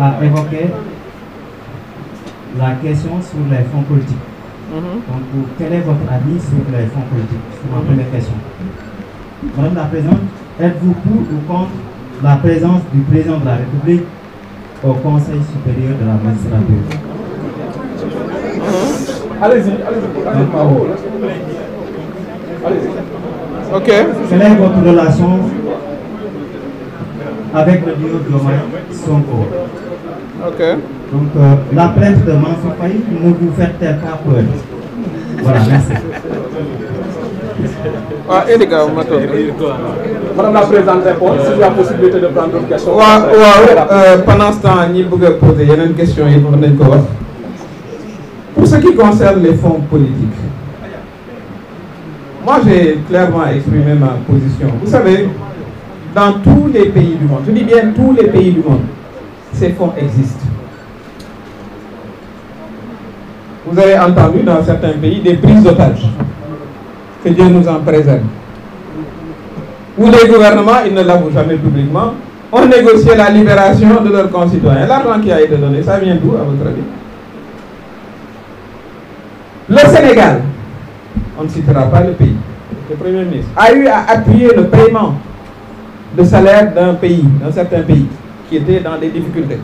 a évoqué la question sur les fonds politiques. Mm-hmm. Donc, quel est votre avis sur les fonds politiques C'est première mm-hmm. question. Madame la Présidente, êtes-vous pour ou contre la présence du Président de la République au Conseil supérieur de la magistrature mm-hmm. Allez-y, allez-y. Allez-y. Ok. Ok. Donc, euh, la plainte de Mansour Faye ne vous faites pas peur. Voilà, merci. waaw indi gaaw ma toog madame la présidente répond si tu as possibilité de prendre une question. waaw waaw euh, pendant ce temps ñi bëgg a poser yeneen question yi mën nañ ko wax. pour ce qui concerne les fonds politiques moi j'ai clairement exprimé ma position vous savez dans tous les pays monde je dis bien tous les monde. ces fonds existent. Vous avez entendu dans certains pays des prises d'otages. Que nous en préserve. Ou les gouvernements, ils ne l'avouent jamais publiquement, ont négocié la libération de leurs concitoyens. L'argent qui a été donné, ça vient d'où à votre avis Le Sénégal, on ne citera pas pays, le Premier ministre, a eu à appuyer le paiement de salaire d'un pays, d'un certain pays. qui étaient dans des difficultés.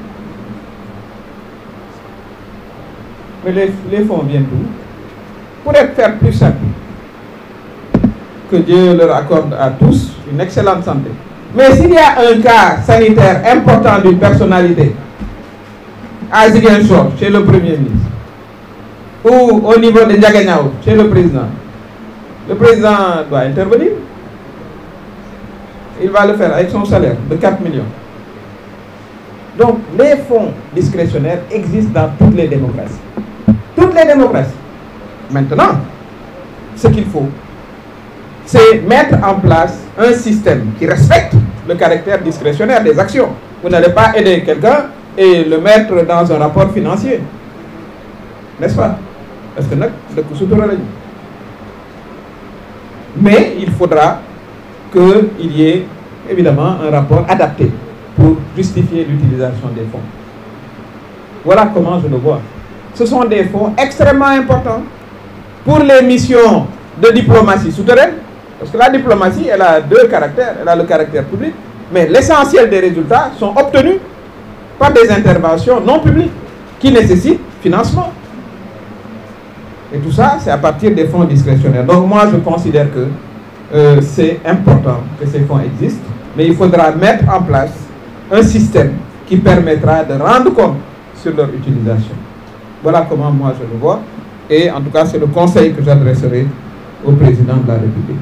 Mais les, les fonds viennent d'où Pour être faire plus simple, que Dieu leur accorde à tous une excellente santé. Mais s'il y a un cas sanitaire important d'une personnalité, à Ziguinchor, chez le Premier ministre, ou au niveau de Diaganiao, chez le président, le président doit intervenir. Il va le faire avec son salaire de 4 millions. Donc les fonds discrétionnaires existent dans toutes les démocraties. Toutes les démocraties. Maintenant, ce qu'il faut, c'est mettre en place un système qui respecte le caractère discrétionnaire des actions. Vous n'allez pas aider quelqu'un et le mettre dans un rapport financier. N'est-ce pas Parce que nous, Mais il faudra qu'il y ait évidemment un rapport adapté pour justifier l'utilisation des fonds. Voilà comment je le vois. Ce sont des fonds extrêmement importants pour les missions de diplomatie souterraine, parce que la diplomatie, elle a deux caractères. Elle a le caractère public, mais l'essentiel des résultats sont obtenus par des interventions non publiques qui nécessitent financement. Et tout ça, c'est à partir des fonds discrétionnaires. Donc moi, je considère que euh, c'est important que ces fonds existent, un système qui permettra de rendre compte sur leur utilisation. Voilà comment moi je le vois. Et en tout cas, c'est le conseil que j'adresserai au président de la République.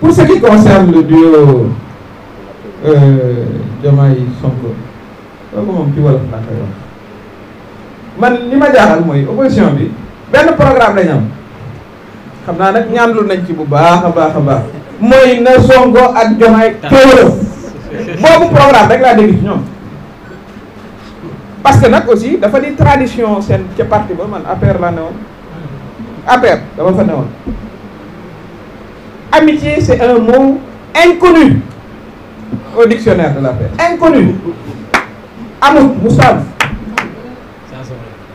Pour ce qui concerne le duo euh, Diomaye Sonko loolu moom ci wolof laa koy wax man li ma jaaxal mooy opposition bi benn programme lañ am xam naa nag ñaanlu nañ ci bu baax a baax a baax na Sonko ak Diomaye teewloo boobu programme rek laa dégg ci ñoom parce que nag aussi dafa di tradition seen ca parti ba man APR laa newoon APR dama fa newoon amitié c'est un mot inconnu au dictionnaire de l'APR inconnu amut mu saab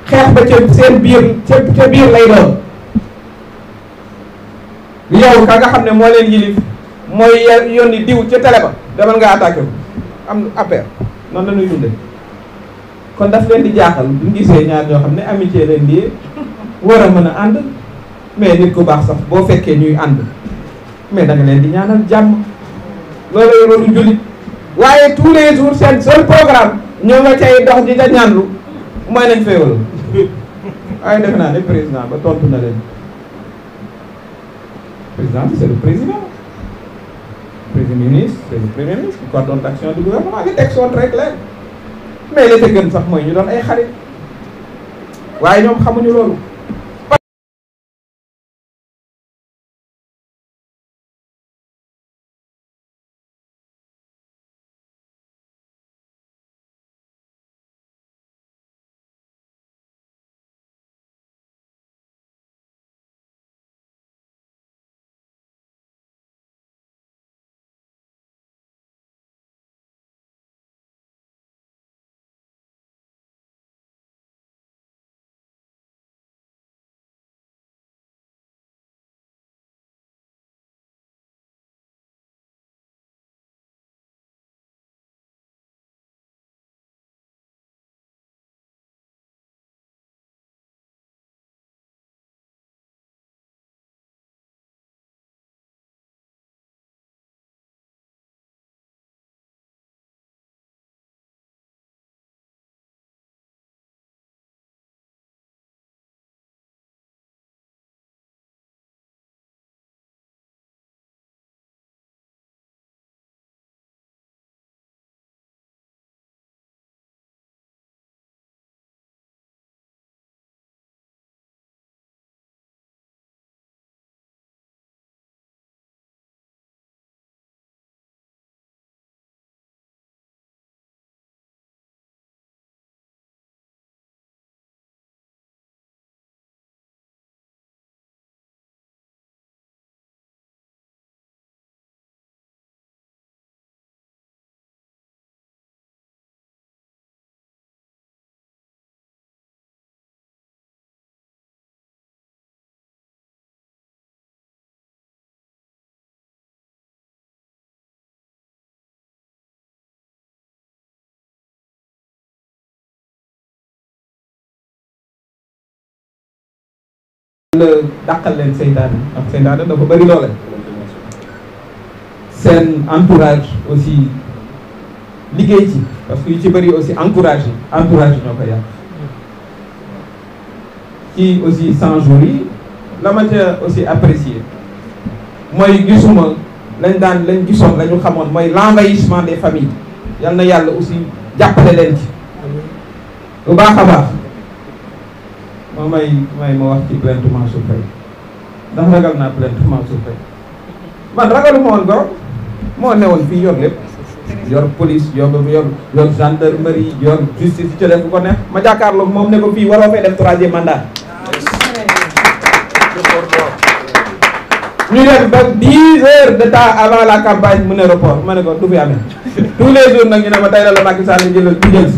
xeex ba ca seen biir ca biir lay doon yow ka nga xam ne moo leen yilif mooy yónni diw ca télé ba demal nga attaqué ko am affaire noonu la ñuy dundee kon daf leen di jaaxal bu gisee ñaar ñoo xam ne amitié leen lii war a mën a ànd mais nit ku baax sax boo fekkee ñuy ànd mais da nga leen di ñaanal jàmm loolu la loolu jullit waaye tous les jours seen seul programme ñoo nga cay dox di da ñaanlu mooy nañ féewal waaye defe naa ne président ba tontu na leen président c'est le président. président ministre premier ministre coordonne d'action du gouvernement li teg soon rek leen mais li te gën sax mooy ñu doon ay xarit waaye ñoom xamuñu loolu yàlla dàqal leen seytaane ndax seytaane dafa bëri doole seen entourage aussi liggéey ci parce que yu ci bëri aussi encourage yi entourage ñoo ko yàq ci aussi 100 jours yi la ma aussi apprécié mooy gisuma lañ daan lañ gisoon lañu ñu xamoon mooy l'envahissement des familles yal na yàlla aussi jàppale leen ci bu baax a baax moo may may ma wax ci plainte Mansour Faye ndax ragal naa plainte Mansour Faye man ragalu ma woon ko moo newoon fii yor lépp yor police yor yor yor gendarmerie yor justice ci def ko ne ma jàkkaarloog moom ne ko fii waroo fay def troisième mandat. ñu dem ba 10 heures de temps avant la campagne mu ne report ma ne ko du fi amee tous les jours nag ñu ne ma tey la la Macky Sall jëlal du jël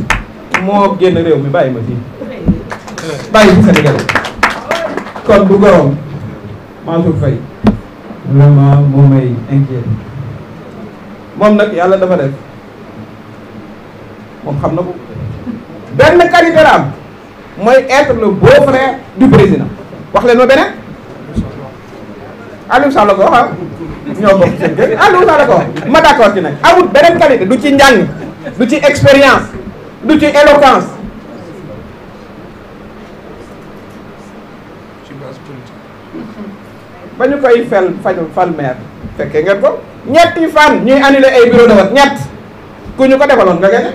moo génn réew mi bàyyi ma fii. bàyyi bu Sénégal kon bu gorom Mansour Faye vraiment moo may inquiète moom nag yàlla la def moom xam na ko benn qualité la am mooy être le beau frère du président wax leen ma beneen Aliou Sall la ko wax ah. ñoo bokk seen kër Aliou Sall la ko wax ma d'accord ci nag amul beneen qualité du ci njàng du ci ci base ba ñu koy fel faj fal maire fekkee ngeen ko ñetti fan ñuy annulé ay bureau de vote ñett ku ñu ko defaloon nga gagné.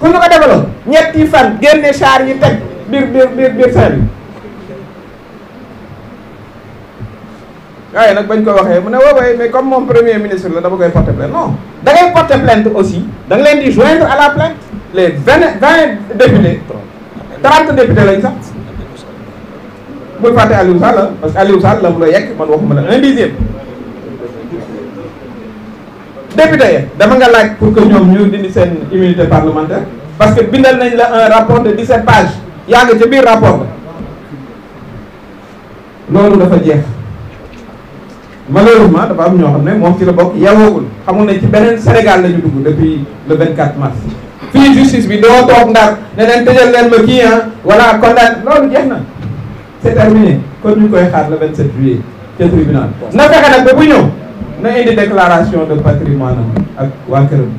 ku ñu ko defaloon ñetti fan génne char yi teg biir biir biir biir seen waaye nag bañ ko waxee mu ne woowee mais comme moom premier ministre la dama koy porter plainte non da ngay porter aussi da leen di joindre à la plainte les vingt vingt députés trente députés lañ sax bu ñu fàtte Aliou parce que Aliou Sall la mu la yegg man waxuma la un dixième député ya dama nga laaj pour que ñoom ñu dindi seen immunité parlementaire parce que bindal nañ la un rapport de 17 pages yaa nga ca biir rapport ba loolu dafa jeex ma dafa am ñoo xam ne moom ci la bokk yewoogul xamul ne ci beneen Sénégal lañu ñu dugg depuis le 24 mars fii justice bi doo toog ndar ne leen tëjal leen ma kii ah wala condamné loolu jeex na c'est terminé kon ñu koy xaar le 27 juillet ca tribunal na fexe nag ba bu ñëw na indi déclaration de patrimoine ak waa këram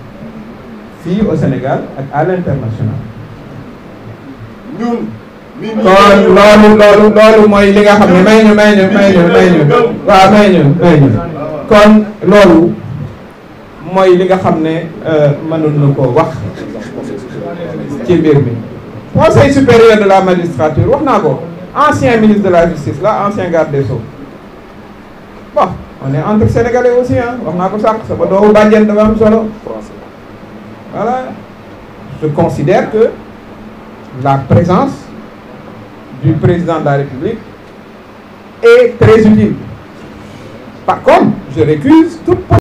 fii au Sénégal ak à l'international kon loolu loolu loolu mooy li nga xam ne may ñu may ñu may ñu may ñu waaw may ñu may ñu kon loolu mooy li nga xam ne euh, mënoon na ko wax ci mbir mi conseil supérieur de la magistrature wax naa ko ancien ministre de la justice là ancien garde des Sceaux bon on est entre sénégalais aussi ah wax naa ko sànq sama doomu bàjjen dafa am solo voilà je considère que la présence du président de la République est très utile par contre je récuse toute